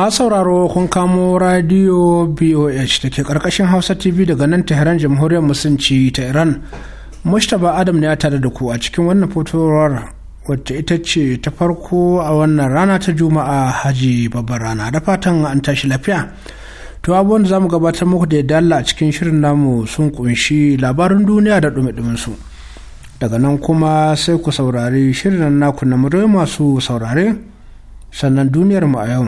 masu sauraro kun kamo radio boh da ke karkashin hausa tv daga nan tehran jamhuriyar musulunci ta iran mustapha adam ne ya tare da ku a cikin wannan fotowar wacce ita ce ta farko a wannan rana ta juma'a haji babbar rana da fatan an tashi lafiya to abubuwan da za mu gabatar muku da dalla a cikin shirin namu sun kunshi labarin duniya da dumi su daga nan kuma sai ku saurari shirin naku na masu saurare sannan duniyar mu a yau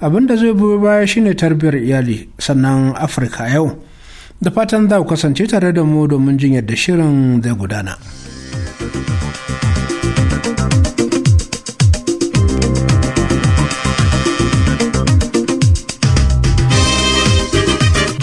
abin da zai biyo baya shine tarbiyar iyali sannan afirka yau da fatan za ku kasance tare da mu domin jin yadda shirin zai gudana.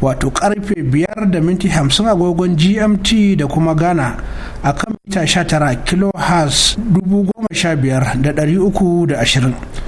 wato karfe 5 da minti 50 agogon gmt da kuma ghana a kan mita 19 kilohertz 15,320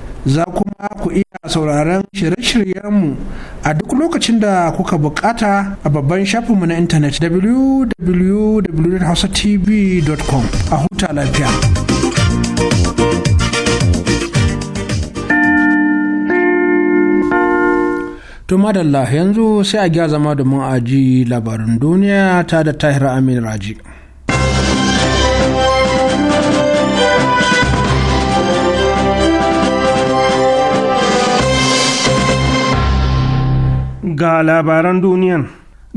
za kuma ku iya sauraron shirye-shiryenmu a duk lokacin da kuka bukata a babban shafinmu na intanet www.hausatv.com a huta lafiya. madalla yanzu sai a gya zama domin aji labarin duniya ta da tahir amin raji. ga labaran duniyan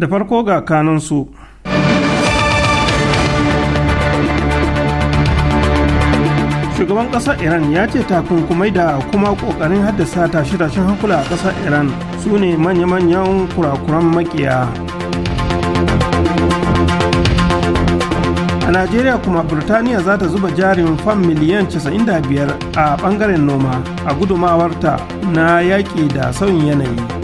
da farko ga kanunsu. shugaban ƙasar iran ya ce takunkumai da kuma ƙoƙarin haddasa tashe-tashen hankula a ƙasar iran su ne manya-manyan kurakuran makiya a najeriya kuma birtaniya za ta zuba jarin fam miliyan 95 a ɓangaren noma a gudumawarta na yaƙi da sauyin yanayi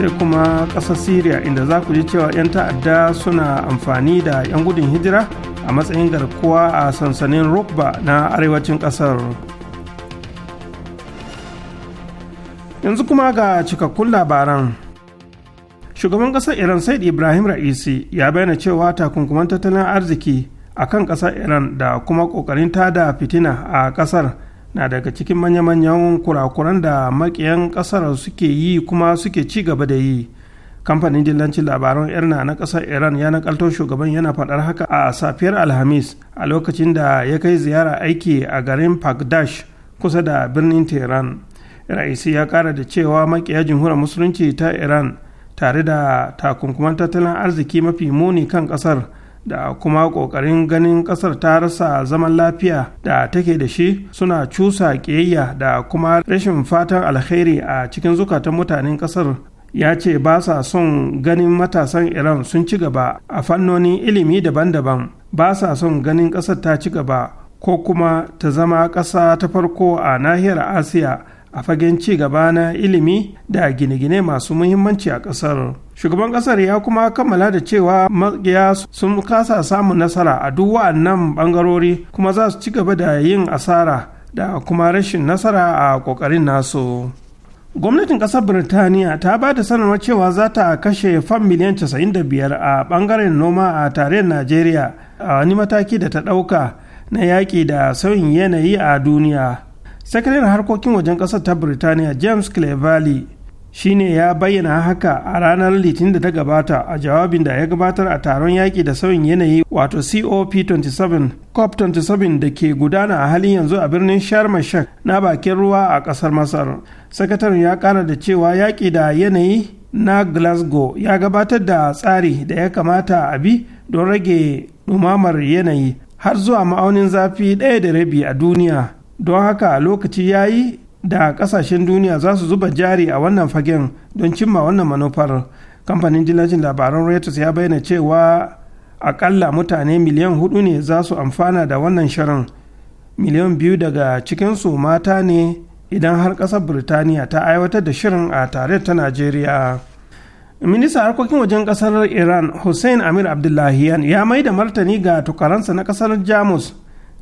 sai kuma ƙasar syria inda za ku ji cewa 'yan ta'adda suna amfani da 'yan gudun hijira a matsayin garkuwa a sansanin rukba na arewacin ƙasar yanzu kuma ga cikakkun labaran shugaban ƙasar iran said ibrahim ra'isi ya bayyana cewa takunkuman tattalin arziki a kan ƙasar iran da kuma ƙoƙarin tada fitina a ƙasar na daga cikin manya-manyan kurakuran da makiyan kasar suke yi kuma suke ci gaba da yi kamfanin dillancin labaran irna na kasar iran ya nakalto shugaban yana faɗar haka a safiyar alhamis a lokacin da ya kai ziyara aiki a garin pakdash kusa da birnin tehran raisi ya kara da cewa makiya jamhuriyar musulunci ta iran tare da takunkuman tattalin arziki mafi muni kan kasar da kuma ƙoƙarin ganin ƙasar ta rasa zaman lafiya da take da shi suna cusa ƙiyayya da kuma rashin fatan alheri a cikin zukatan mutanen ƙasar ya ce ba sa son ganin matasan iran sun ci gaba a fannonin ilimi daban-daban ba sa son ganin ƙasar ta ci gaba ko kuma ta zama ƙasa ta farko a nahiyar asiya a fagen ci gaba na ilimi da gine-gine masu muhimmanci a ƙasar. shugaban kasar ya kuma kammala da cewa makiya sun kasa samun nasara a duk wa'annan bangarori kuma za su ci gaba da yin asara da kuma rashin nasara a kokarin nasu gwamnatin kasar birtaniya ta ba da sanarwar cewa za ta kashe fam miliyan 95 a bangaren noma a tarayyar najeriya a wani mataki da ta ɗauka na yaƙi da sauyin yanayi a duniya sakataren harkokin wajen ƙasar ta birtaniya james clevalley shine ya bayyana haka a ranar litinin da ta gabata a jawabin da ya gabatar a taron yaƙi da sauyin yanayi wato cop 27 cop 27 da ke gudana a halin yanzu a birnin sharm el na bakin ruwa a ƙasar masar sakataren ya ƙara da cewa yaƙi da yanayi na glasgow ya gabatar da tsari da ya kamata a bi don rage ɗumamar yanayi har zuwa ma'aunin zafi ɗaya da rabi a duniya don haka lokaci ya yi da kasashen duniya za su zuba jari a wannan fagen don cimma wannan manufar kamfanin jilajin labaran reuters ya bayyana cewa akalla mutane miliyan hudu ne za su amfana da wannan shirin miliyan biyu daga cikinsu mata ne idan har kasar birtaniya ta aiwatar da shirin a tare ta najeriya ministan harkokin wajen kasar iran hussein amir abdullahiyan ya mai da martani ga tukaransa na kasar jamus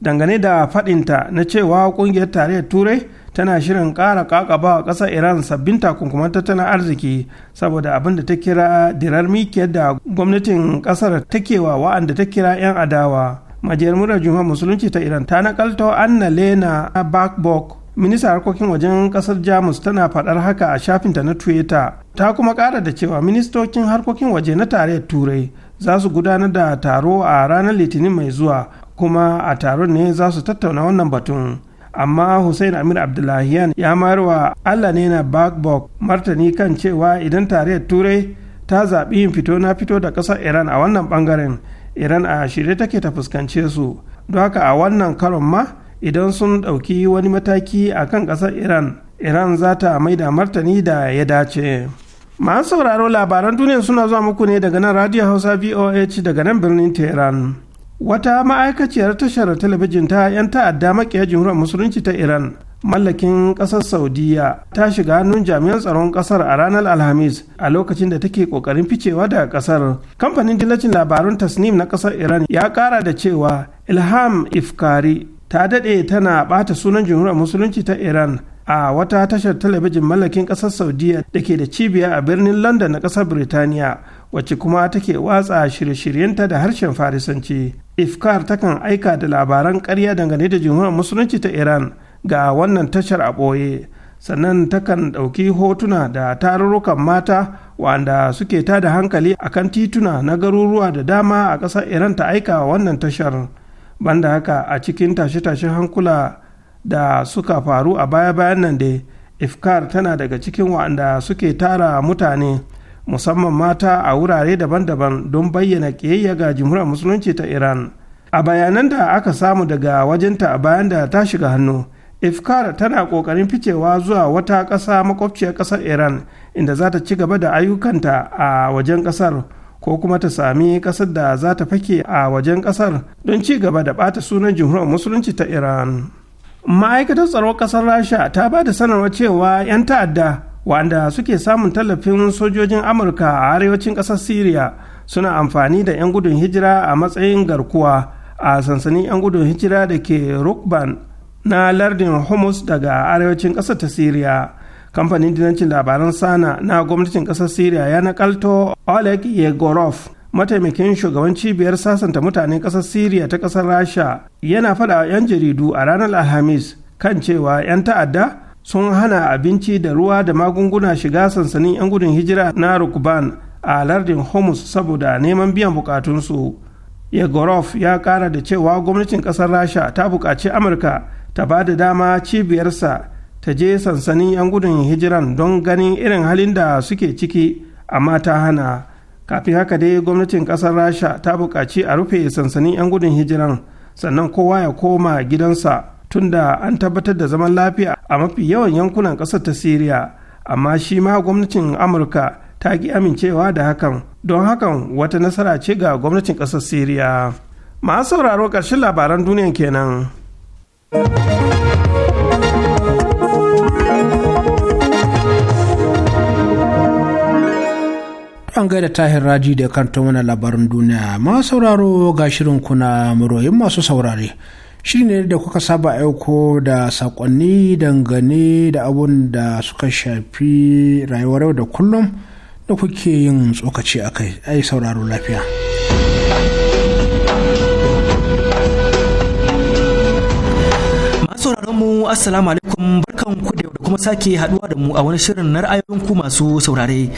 dangane da faɗinta na cewa kungiyar tarayyar turai tana shirin kara kakaba a ƙasar iran sabbin takunkuman tattalin arziki saboda abin da ta kira dirar mikiyar da gwamnatin ƙasar takewa wa wa'anda ta kira 'yan adawa majiyar mura juma musulunci ta iran ta nakalto anna lena bakbok minista harkokin wajen ƙasar jamus tana faɗar haka a shafinta na twitter ta kuma kara da cewa ministocin harkokin waje na tarayyar turai za su gudanar da taro a ranar litinin mai zuwa kuma a taron ne za su tattauna wannan batun amma hussein amir abdullahiyan ya marwa allah ne na bagbog martani kan cewa idan tarayyar turai ta zaɓi yin fito na fito da ƙasar iran a wannan ɓangaren iran a shirye take ta fuskance su don haka a wannan karon ma idan sun ɗauki wani mataki a kan ƙasar iran iran za ta maida martani da ya dace masu sauraro labaran duniya suna zuwa muku ne daga nan radio hausa voh daga nan birnin teheran. wata ma'aikaciyar tashar talabijin ta 'yan ta'adda makiya jimhuriyar musulunci ta iran mallakin kasar saudiya ta shiga hannun jami'an tsaron kasar a ranar alhamis a lokacin da take kokarin ficewa daga kasar kamfanin dillacin labarun tasnim na kasar iran ya kara da cewa ilham ifkari ta dade tana ɓata sunan jimhuriyar musulunci ta iran a wata tashar talabijin mallakin kasar saudiya da ke da cibiya a birnin london na kasar birtaniya wacce kuma take watsa shirye-shiryenta da harshen farisanci ifkar takan aika da labaran karya dangane da jumhuriyar musulunci ta iran ga wannan tashar a ɓoye sannan takan ɗauki hotuna da tarurrukan mata wanda suke tada hankali akan tituna na garuruwa da dama a ƙasar iran ta aika wannan tashar banda haka a cikin tashe-tashen hankula da suka faru a baya-bayan nan da ifkar tana daga cikin wa'anda suke tara mutane musamman mata a wurare daban-daban don bayyana ƙiyayya ga jimhuriyar musulunci ta iran a bayanan da aka samu daga wajenta a bayan da ta shiga hannu ifkar tana ƙoƙarin ficewa zuwa wata ƙasa makwabciyar ƙasar iran inda za ta ci gaba da ayyukanta a wajen ƙasar ko kuma ta sami ƙasar da za ta fake a wajen ƙasar don ci gaba da ɓata sunan jimhuriyar musulunci ta iran ma'aikatar tsaron ƙasar rasha ta ba da sanarwa cewa 'yan ta'adda wanda suke samun tallafin sojojin amurka a arewacin ƙasar syria suna amfani da 'yan gudun hijira a matsayin garkuwa a sansanin 'yan gudun hijira da ke rukban na lardin homus daga arewacin ƙasar ta syria kamfanin dinancin labaran sana na gwamnatin ƙasar syria ya nakalto oleg yegorov mataimakin shugaban cibiyar sasanta mutanen ƙasar syria ta ƙasar rasha yana faɗa 'yan jaridu a ranar alhamis kan cewa 'yan ta'adda sun hana abinci da ruwa da magunguna shiga sansanin 'yan gudun hijira na rukban a lardin homus saboda neman biyan bukatunsu yegorov ya kara da cewa gwamnatin kasar rasha ta bukaci amurka ta ba da dama cibiyarsa ta je sansanin 'yan gudun hijiran don ganin irin halin da suke ciki amma ta hana kafin haka dai gwamnatin kasar rasha ta bukaci a rufe sansanin 'yan gudun hijiran sannan kowa ya koma gidansa tunda an tabbatar da zaman lafiya a mafi yawan yankunan ƙasar ta Siriya, amma shi ma gwamnatin Amurka ta ki amincewa da hakan, don hakan wata nasara ce ga gwamnatin ƙasar Siriya. Masu sauraro ƙarshen labaran duniyan kenan. an gaida tahir raji da kanta wani labarin duniya masu sauraro ga shirin kuna muroyin masu saurare shi ne da kuka saba aiko da sakonni dangane da abun da suka shafi rayuwar yau da kullum da kuke yin tsokaci a kai ai sauraro lafiya sauraron mu assalamu alaikum barkan ku da kuma sake haduwa da mu a wani shirin na ra'ayoyin ku masu saurare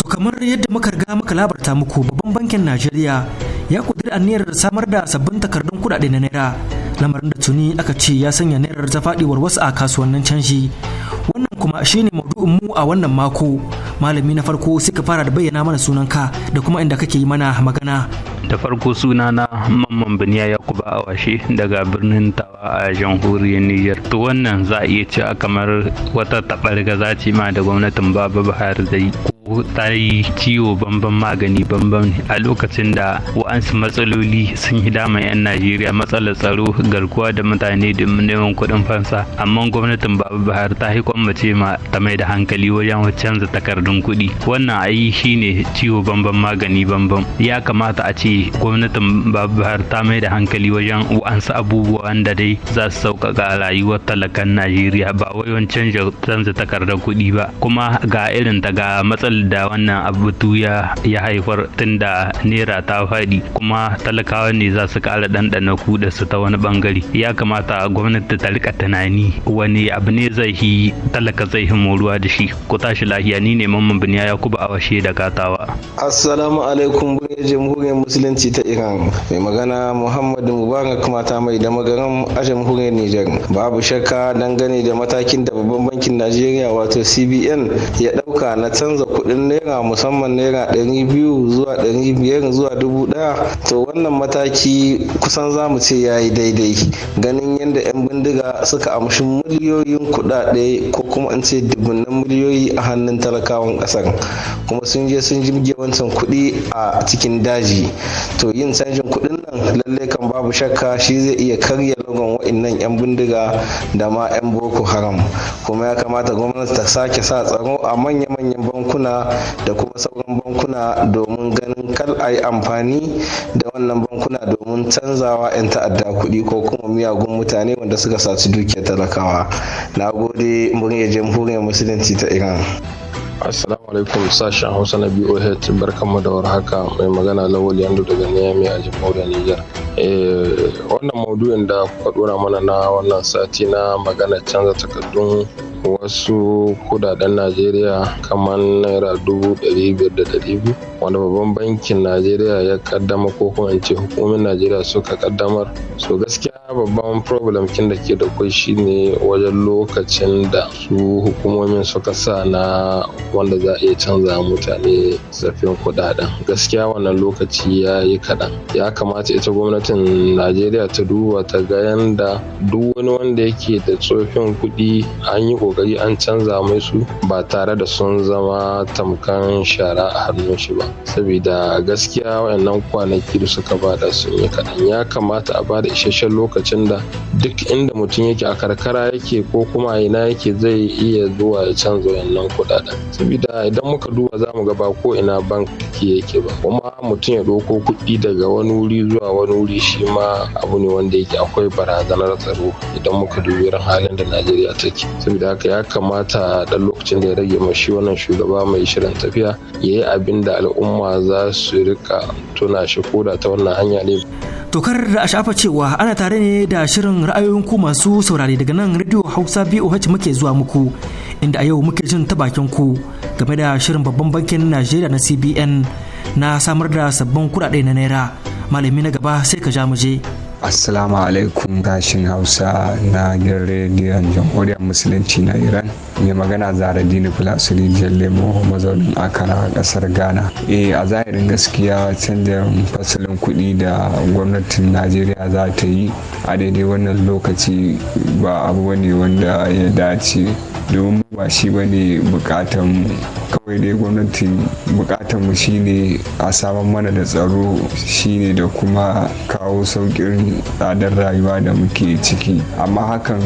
to kamar yadda muka ga muka labarta muku babban bankin Najeriya ya a aniyar samar da sabbin takardun kudade na naira lamarin da tuni aka ce ya sanya naira ta faɗiwar wasu a kasuwannin canji wannan kuma shine maudu'in mu a wannan mako malami na farko suka fara da bayyana mana sunanka da kuma inda kake yi mana magana da farko suna na mamman biniya yakuba awashe daga birnin tawa a jamhuriyar niger to wannan za a iya cewa kamar wata tabar gaza ce ma da gwamnatin baba buhari zai ko ta yi ciwo bamban magani bamban a lokacin da wa'ansu matsaloli sun yi dama 'yan najeriya matsalar tsaro garkuwa da mutane da neman kuɗin fansa amma gwamnatin baba buhari ta yi kwambace ma ta mai da hankali wajen canza takardun kuɗi wannan ayi shine ciwo bamban magani bamban ya kamata a ce gwamnatin babbar ta mai da hankali wajen wa'ansu abubuwan da dai za su sauƙaƙa rayuwar talakan najeriya ba wai wancan canza takardar kuɗi ba kuma ga irin ta ga matsalar da wannan abutu ya haifar tun da naira ta faɗi kuma talakawa ne za su ƙara ɗanɗana kuɗa su ta wani ɓangare ya kamata gwamnati ta rika tunani wani abu ne zai yi talaka zai yi moruwa da shi ku tashi lahiya ni ne mamman biniya ya kuba washe da katawa assalamu alaikum jamhuriyar musulun musulunci ta iran mai magana muhammad mubarak mata mai da maganin a jamhuriyar niger babu shakka dangane da matakin da babban bankin najeriya wato cbn ya dauka na canza kudin naira musamman naira 200 zuwa 500 zuwa 1000 to wannan mataki kusan za mu ce ya yi daidai ganin yadda 'yan bindiga suka amshi miliyoyin kudade ko kuma an ce dubunnan miliyoyi a hannun talakawan kasar kuma sun je sun jirge wancan kudi a cikin daji to yin canjin kuɗin nan lalle kan babu shakka shi zai iya karya lagon wa'innan 'yan bindiga da ma 'yan boko haram kuma ya kamata gwamnati ta sake sa tsaro a manya-manyan bankuna da kuma sauran bankuna domin ganin kal a yi amfani da wannan bankuna domin canzawa 'yan ta'adda kuɗi ko kuma miyagun mutane wanda suka saci dukiyar talakawa na gode muryar jamhuriyar musulunci ta iran alaikum sashen hausa na boh barkanmu da haka. mai magana lawal yandu daga niyami a jamhuriyar niger eh, wannan maudu'in da kuka dora mana na wannan sati na magana canza takardun wasu kudaden najeriya kamar naira dubu ɗari biyar da ɗari biyu wanda babban bankin najeriya ya kaddama ko kuma in ce hukumin najeriya suka kaddamar so gaskiya babban problem kin da ke da kwai shine wajen lokacin da su hukumomin suka sa na wanda za iya canza mutane zafin kuɗaɗen gaskiya wannan lokaci ya yi kaɗan ya kamata ita gwamnatin najeriya ta duba ta ga yanda duk wani wanda yake da tsofin kuɗi an yi ƙoƙari an canza mai su ba tare da sun zama tamkan shara a hannun shi ba saboda gaskiya wayannan kwanaki da suka bada sun yi kaɗan ya kamata a bada isasshen lokacin da duk inda mutum yake a karkara yake ko kuma a ina yake zai iya zuwa ya canza wayannan kuɗaɗen saboda idan muka duba za mu ga ba ko ina banki yake ba kuma mutum ya ɗauko kuɗi daga wani wuri zuwa wani wuri shi ma abu ne wanda yake akwai barazanar tsaro idan muka dubi irin halin da najeriya take saboda haka ya kamata ɗan lokacin da ya rage ma shi wannan shugaba mai shirin tafiya ya yi abin da al'umma za su rika tuna shi ko da ta wannan hanya ne Tokar da a shafa cewa ana tare ne da shirin ra'ayoyin ku masu saurare daga nan Radio Hausa BOH muke zuwa muku inda a yau muke jin ta bakin ku game da shirin babban bankin najeriya na cbn na samar da sabbin kudade na naira malami na gaba sai ka ja muje Assalamu alaikum gashin Hausa na gidan rediyon Jamhuriyar Musulunci na Iran. Mai magana zara dini filasuri lemo mazaunin akara a kasar Ghana. E a zahirin gaskiya canjin fasalin kuɗi da gwamnatin Najeriya za ta yi a daidai wannan lokaci ba abu ne wanda ya dace domin ba shi ba ne bukatan kawai dai gwamnati bukatan mu shine a samar mana da tsaro shine da kuma kawo saukin tsadar rayuwa da muke ciki amma hakan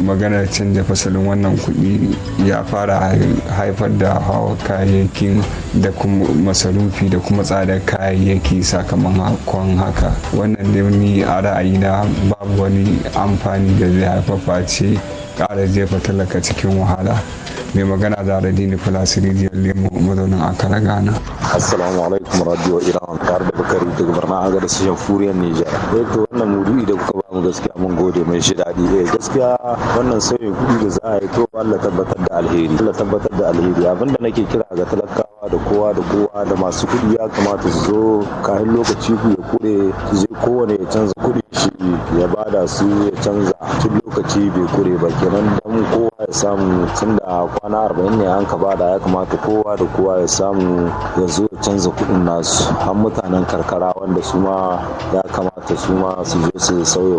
maganar canja fasalin wannan kuɗi ya fara haifar da hawa kayayyakin da kuma masarufi da kuma tsadar kayayyaki sakamakon haka wannan dai ni a ra'ayina babu wani amfani da zai haifafa ce ƙara jefa talaka cikin wahala mai magana da aladi nicolas rijiyar lemo mazaunin akara ghana assalamu alaikum radio iran tare da bakari daga barna agar sashen furiyar nijar eh, wannan maudu'i da kuka mu gaskiya mun gode mai shi daɗi eh gaskiya wannan sauyin kuɗi da za a yi to Allah tabbatar da alheri Allah tabbatar da alheri abinda nake kira ga talakawa da kowa da kowa da masu kuɗi ya kamata su zo kayan lokaci ku ya kure su je kowane ya canza kuɗi shi ya bada su ya canza tun lokaci bai kure ba kenan dan kowa ya samu tun da kwana arba'in ne an ka bada ya kamata kowa da kowa ya samu ya zo ya canza kuɗin nasu har mutanen karkara wanda su ma ya kamata su ma su zo su sauya Bello.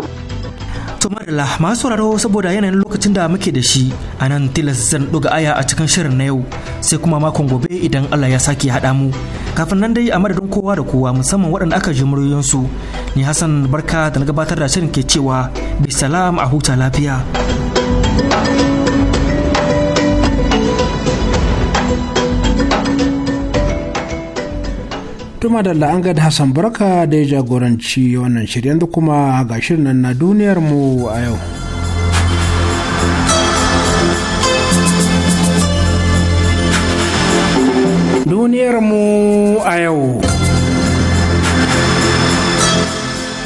To madalla masu sauraro saboda yanayin lokacin da muke da shi a nan tilas zan ɗuga aya a cikin shirin na yau sai kuma makon gobe idan Allah ya sake haɗa mu. Kafin nan dai a madadin kowa da kowa musamman waɗanda aka ji muryoyinsu ni Hassan barka da na gabatar da shirin ke cewa salam a huta lafiya. tuma da la'angad hassan barka da ya jagoranci wannan shirya da kuma ga shirin nan na duniyarmu a yau duniyarmu a yau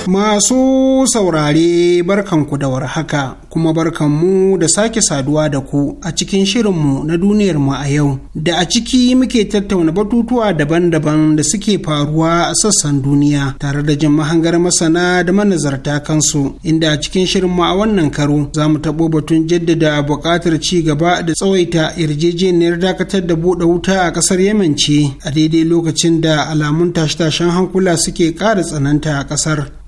Masu saurare barkanku da warhaka kuma barkanmu da sake saduwa da ku a cikin shirinmu na duniyarmu a yau da a ciki muke tattauna batutuwa daban-daban da suke faruwa a sassan duniya tare da jin mahangar masana da manazarta kansu inda a cikin shirinmu a wannan karo za mu taɓo batun jaddada buƙatar ci gaba da tsawaita yarjejeniyar dakatar da buɗe wuta a ƙasar Yemen ce a daidai lokacin da alamun tashe-tashen hankula suke ƙara tsananta a ƙasar.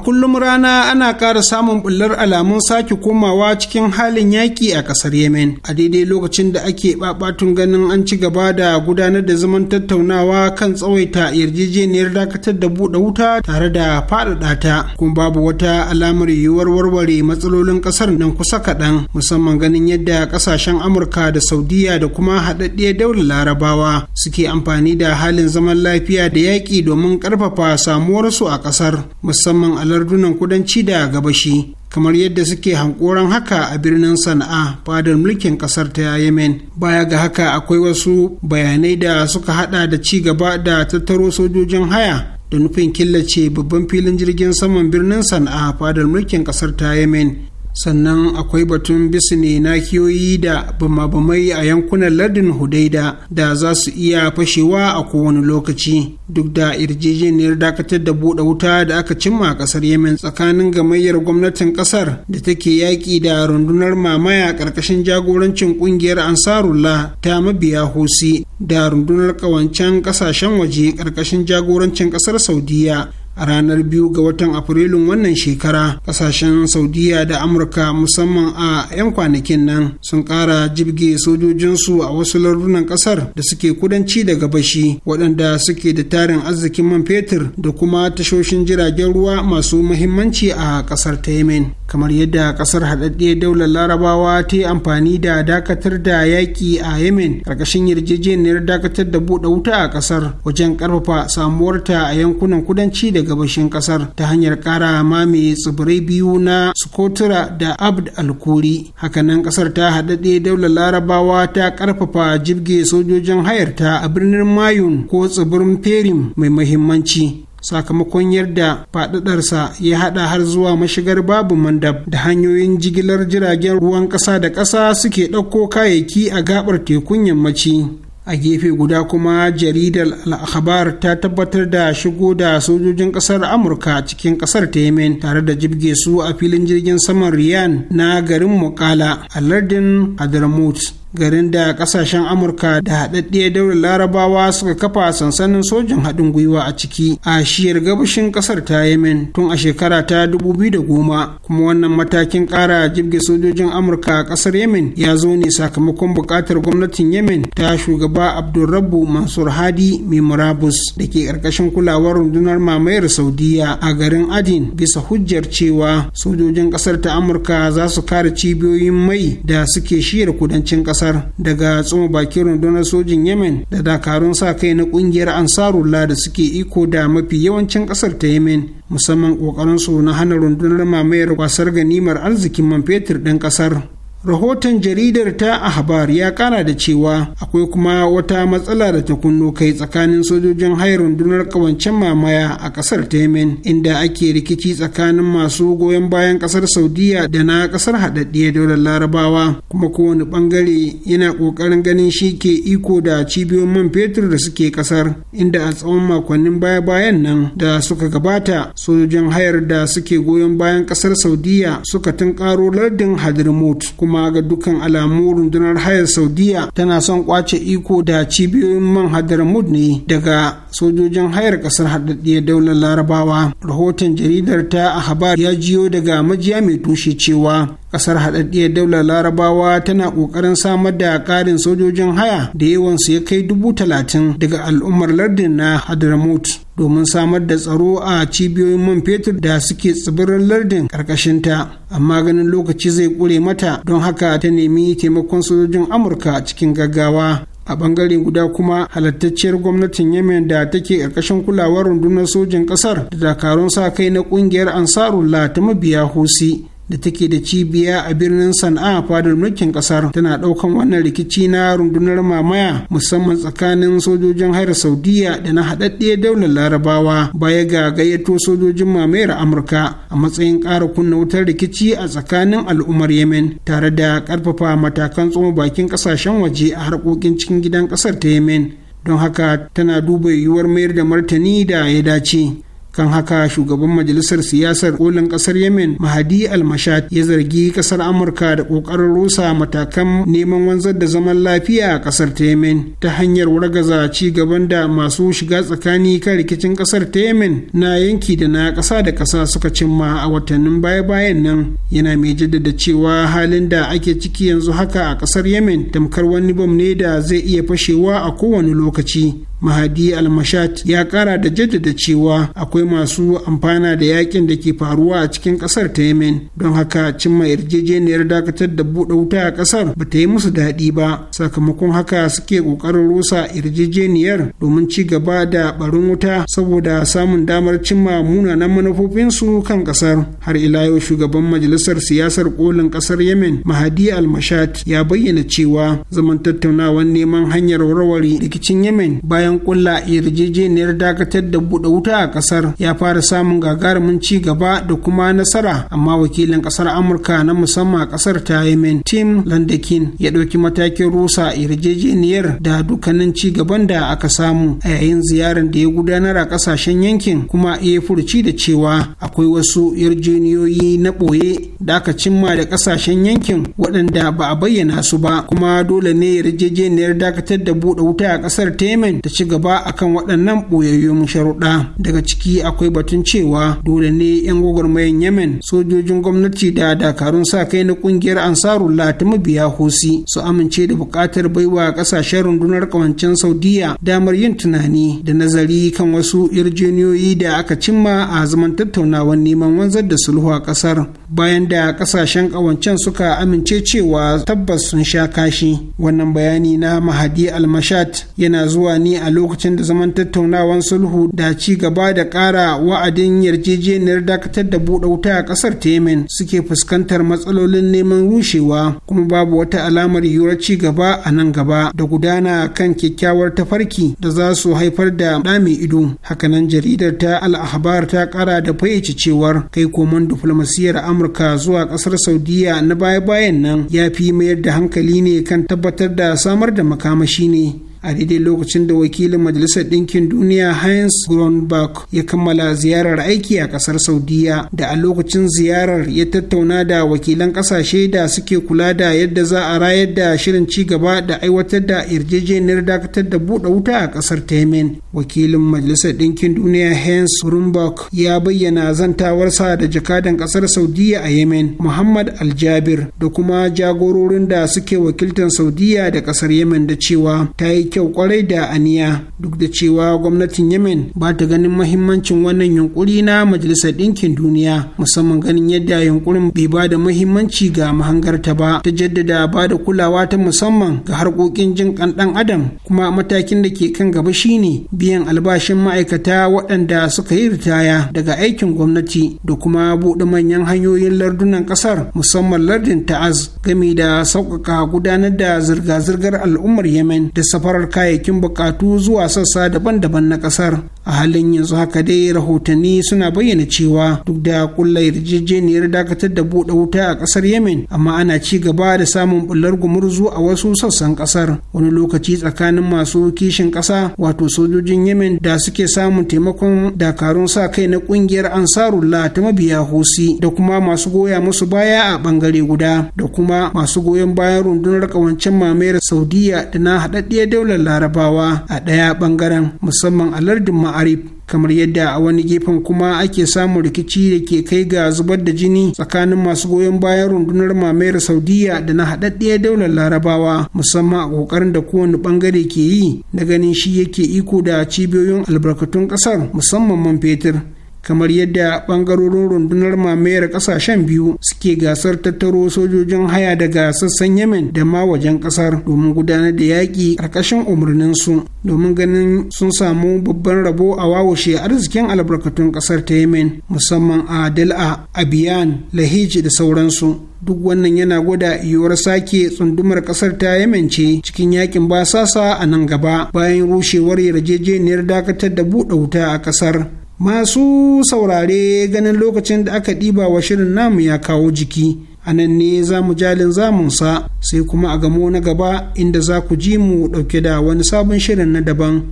a kullum rana ana ƙara samun bullar alamun sake komawa cikin halin yaƙi a ƙasar yemen a daidai lokacin da ake babatun ganin an ci gaba da gudanar da zaman tattaunawa kan tsawaita yarjejeniyar dakatar da buɗe wuta tare da faɗaɗa ta kuma babu wata alamar yiwuwar warware matsalolin ƙasar nan kusa kaɗan musamman ganin yadda ƙasashen amurka da saudiya da kuma haɗaɗɗiyar daular larabawa suke amfani da halin zaman lafiya da yaƙi domin ƙarfafa samuwarsu a ƙasar musamman lardunan kudanci da gabashi kamar yadda suke hankoran haka a birnin sana'a fadar mulkin kasar ta yemen baya ga haka akwai wasu bayanai da suka hada da ci gaba da tattaro sojojin haya da nufin killace babban filin jirgin saman birnin sana'a fadar mulkin kasar ta yemen sannan akwai batun bisne kiyoyi da bamabamai a yankunan lardin hudaida da za su iya fashewa a kowane lokaci duk da yarjejeniyar dakatar da buɗe wuta da aka cimma a ƙasar yamin tsakanin gamayyar gwamnatin ƙasar da take yaƙi da rundunar mamaya ƙarƙashin jagorancin ƙungiyar ansarullah ta mabiya hosi da rundunar ƙawancen ƙasashen waje ƙarƙashin jagorancin ƙasar saudiya a ranar biyu ga watan afrilun wannan shekara kasashen saudiya da amurka musamman a 'yan kwanakin nan sun kara jibge sojojinsu a wasu larunan kasar da suke kudanci da gabashi waɗanda suke da tarin arzikin man fetur da kuma tashoshin jiragen ruwa masu muhimmanci a kasar ta yemen kamar yadda kasar haɗaɗɗiyar daular larabawa ta yi amfani da dakatar da yaƙi a yemen ƙarƙashin yarjejeniyar dakatar da buɗe wuta a kasar wajen ƙarfafa samuwarta a yankunan kudanci da gabashin kasar ta hanyar kara mamaye tsibirai biyu na sukotura da Abd Alkuri. Hakanan kasar ta haɗaɗe daular Larabawa ta ƙarfafa jirgin sojojin hayarta a birnin Mayun ko tsibirin Perim mai mahimmanci. sakamakon yadda faɗaɗarsa ya haɗa har zuwa mashigar babu mandab da hanyoyin jigilar jiragen ruwan ƙasa da ƙasa suke ɗauko kayayyaki a gaɓar tekun yammaci a gefe guda kuma jaridar al'akhbar ta tabbatar da shigo da sojojin kasar amurka cikin kasar ta yemen tare da jibge su a filin jirgin saman riyan na garin mukala a lardin hadramaut garin da kasashen amurka da haɗaɗɗiyar daular larabawa suka kafa sansanin sojin haɗin gwiwa a ciki a shiyar gabashin ƙasar ta yemen tun a shekara ta dubu biyu da goma. kuma wannan matakin ƙara jirge sojojin amurka a ƙasar yemen ya zo ne sakamakon buƙatar gwamnatin yemen ta shugaba abdulrabu mansur hadi mai murabus da ke ƙarƙashin kulawar rundunar mamayar saudiya a garin adin bisa hujjar cewa sojojin ƙasar ta amurka za su kare cibiyoyin mai da suke shiyar kudancin ƙasar kasar daga tsoma bakin rundunar sojin yemen da dakarun sa kai na kungiyar ansarullah da suke iko da mafi yawancin kasar ta yemen musamman kokarin su na hana rundunar mamayar kwasar ganimar arzikin man fetur ɗin kasar rahoton jaridar ta ahbar ya kara da cewa akwai kuma wata matsala da ta kunno kai tsakanin sojojin hayar rundunar kawancen mamaya a kasar yemen inda ake rikici tsakanin masu goyon bayan kasar saudiya da na kasar hadaddiya daular larabawa kuma kowane bangare yana ƙoƙarin ganin shi ke iko da cibiyoyin man fetur da suke kasar inda a tsawon makonnin baya bayan nan da suka gabata sojojin hayar da suke goyon bayan kasar saudiya suka tunkaro lardin hadrimot kuma kuma ga dukkan alamu rundunar hayar saudiya tana son kwace iko da cibiyoyin man hadramaut ne daga sojojin hayar kasar hadaddiya daular larabawa rahoton jaridar ta a habar ya jiyo daga majiya mai tushe cewa kasar haɗaɗɗiyar daular larabawa tana ƙoƙarin samar da ƙarin sojojin haya da yawansu ya kai dubu talatin daga al'ummar lardin na hadramut domin samar da tsaro a cibiyoyin man fetur da suke tsibirin lardin ƙarƙashinta amma ganin lokaci zai ƙure mata don haka ta nemi taimakon sojojin amurka cikin gaggawa a bangare guda kuma halattacciyar gwamnatin yemen da take ƙarƙashin kulawar rundunar sojin ƙasar da dakarun sa kai na ƙungiyar ansarullah ta mabiya hosi da take da cibiya a birnin sana'a fadar mulkin kasar tana daukan wannan rikici na rundunar mamaya musamman tsakanin sojojin hayar saudiya da na haɗaɗɗe daular larabawa baya ga gayyato sojojin mamayar amurka a matsayin ƙara kunna wutar rikici a tsakanin al'ummar yemen tare da ƙarfafa matakan tsoma bakin ƙasashen waje a harkokin cikin gidan ƙasar ta yemen don haka tana duba yiwuwar mayar da martani da ya dace kan haka shugaban majalisar siyasar kolin kasar yemen mahadi almashat ya zargi kasar amurka da kokarin rusa matakan neman wanzar da zaman lafiya a kasar ta yemen ta hanyar wargaza ci gaban da masu shiga tsakani kan rikicin kasar ta yemen na yanki da na kasa da kasa suka cimma a watannin baya-bayan nan yana mai jaddada cewa halin da ake ciki yanzu haka a kasar yemen tamkar wani bom ne da zai iya fashewa a kowane lokaci mahadi almashat ya kara da jaddada cewa akwai masu amfana da yakin da ke faruwa a cikin kasar ta yemen don haka cimma yarjejeniyar dakatar da buɗe wuta a kasar ba ta yi musu daɗi ba sakamakon haka suke ƙoƙarin rusa yarjejeniyar domin ci gaba da barin wuta saboda samun damar cimma munanan manufofinsu kan kasar har ila yau shugaban majalisar siyasar kolin kasar yemen mahadi almashat ya bayyana cewa zaman tattaunawar neman hanyar warware rikicin yemen bayan kulla yarjejeniyar dakatar da buɗe wuta a kasar ya fara samun gagarumin ci gaba da kuma nasara amma wakilin kasar amurka na musamman kasar ta yemen tim landakin ya ɗauki matakin rusa yarjejeniyar da dukkanin ci gaban da aka samu a yayin ziyarar da ya gudanar a kasashen yankin kuma ya furci da cewa akwai wasu yarjejeniyoyi na ɓoye da aka cimma da kasashen yankin waɗanda ba a bayyana su ba kuma dole ne yarjejeniyar dakatar da buɗe wuta a kasar ta yemen ta ci gaba akan waɗannan ɓoyayyun sharuɗa daga ciki akwai batun cewa dole ne 'yan gwagwarmayan yemen sojojin gwamnati da dakarun sa kai na kungiyar ansarullah ta mabiya hosi su amince da bukatar baiwa kasashen rundunar ƙawancen saudiya damar yin tunani da nazari kan wasu yarjejeniyoyi da aka cimma a zaman tattaunawar neman wanzar da sulhu a kasar bayan da ƙasashen ƙawancen suka amince cewa tabbas sun sha kashi wannan bayani na mahadi almashat yana zuwa ne a lokacin da zaman tattaunawan sulhu da ci gaba da ƙara yara wa'adin yarjejeniyar dakatar da buɗe wuta a ƙasar ta yemen suke fuskantar matsalolin neman rushewa kuma babu wata alamar yiwuwar ci gaba a nan gaba da gudana kan kyakkyawar tafarki da za su haifar da ɗamin ido hakanan jaridar ta al'ahbar ta kara da fayyace cewar kai koman diflomasiyyar amurka zuwa ƙasar saudiya na baya-bayan nan ya fi mayar da hankali ne kan tabbatar da samar da makamashi ne a daidai lokacin da wakilin majalisar ɗinkin duniya heinz grunberg ya kammala ziyarar aiki a ƙasar saudiya da a lokacin ziyarar ya tattauna da wakilan ƙasashe da suke kula da yadda za a rayar da shirin ci gaba da aiwatar da yarjejeniyar dakatar da buɗe wuta a ƙasar temin wakilin majalisar ɗinkin duniya heinz grunberg ya bayyana zantawarsa da jakadan ƙasar saudiya a yemen muhammad aljabir da kuma jagororin da suke wakiltar saudiya da ƙasar yemen da cewa ta yi kyau kwarai da aniya duk da cewa gwamnatin yemen ba ta ganin mahimmancin wannan yunkuri na majalisar ɗinkin duniya musamman ganin yadda yunkurin bai ba da mahimmanci ga mahangarta ba ta jaddada ba da kulawa ta musamman ga harkokin jin kan ɗan adam kuma matakin da ke kan gaba shine biyan albashin ma'aikata waɗanda suka yi ritaya daga aikin gwamnati da kuma buɗe manyan hanyoyin lardunan ƙasar musamman lardin ta'az game da sauƙaƙa gudanar da zirga-zirgar al'ummar yemen da safar safarar kayayyakin bukatu zuwa sassa daban-daban na kasar a halin yanzu haka dai rahotanni suna bayyana cewa duk da kulla yarjejeniyar dakatar da buɗe wuta a kasar yemen amma ana ci gaba da samun bullar gumurzu a wasu sassan kasar wani lokaci tsakanin masu kishin kasa wato sojojin yemen da suke samun taimakon dakarun sa kai na kungiyar ansarullah ta mabiya hosi da kuma masu goya musu baya a bangare guda da kuma masu goyon bayan rundunar kawancen mamayar saudiya da na haɗaɗɗiyar daular larabawa a ɗaya ɓangaren musamman a lardin ma'arif kamar yadda a wani gefen kuma ake samun rikici da ke kai ga zubar da jini tsakanin masu goyon bayan rundunar mamayar saudiya da na haɗaɗɗiyar daular larabawa musamman a ƙoƙarin da kowane ɓangare ke yi na ganin shi yake iko da cibiyoyin albarkatun ƙasar musamman man fetur kamar yadda ɓangarorin rundunar mamayar ƙasashen biyu suke gasar tattaro sojojin haya daga sassan yemen da ma wajen ƙasar. domin gudanar da yaƙi ƙarƙashin umarnin su domin ganin sun samu babban rabo a wawashe arzikin albarkatun ƙasar ta yemen musamman a dal'a abiyan lahiji da sauransu duk wannan yana gwada yiwuwar sake tsundumar ƙasar ta yamen ce cikin yakin basasa a nan gaba bayan rushewar yarjejeniyar dakatar da buɗe wuta a ƙasar. Masu saurare ganin lokacin da aka ɗiba wa shirin namu ya kawo jiki. A nan ne za mu jalin zamunsa sai kuma a gamo na gaba inda za ku ji mu ɗauke da wani sabon shirin na daban.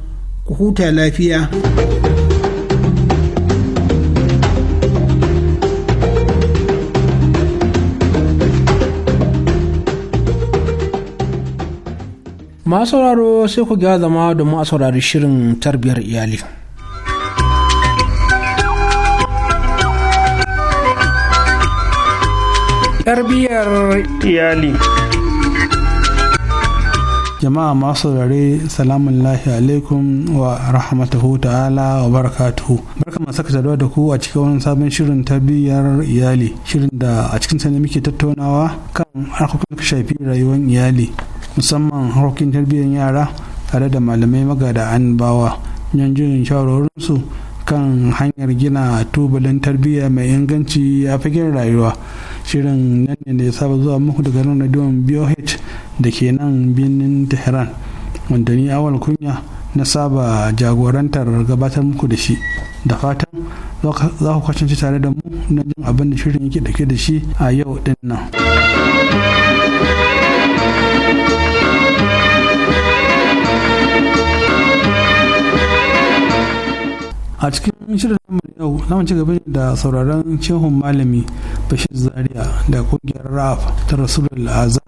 Ku huta lafiya. masu sauraro sai ku gyara zama domin a saurari shirin tarbiyyar iyali. tarbiyyar iyali jama'a masu rare salamun lahi alaikum wa rahmatahu ta'ala wa barakatuhu barka masu saka da ku a cikin wani sabon shirin tarbiyyar iyali shirin da a cikin ne muke tattaunawa kan harkokin shafi rayuwar iyali musamman harkokin tarbiyyar yara tare da malamai magada an bawa yanjin shawarorinsu kan hanyar gina tubalin tarbiyya mai inganci a fagen rayuwa shirin nan ne da ya saba zuwa muku daga nan radiyon boh da ke nan birnin tehran wanda ni awal kunya na saba jagorantar gabatar muku da shi da fatan za ku kwacin tare da mu na jin abin da shirin yake dake da shi a yau din nan. a cikin shirin namu yau na ci gaba da sauraron cehun malami bashir zaria da kungiyar raf ta rasulul azam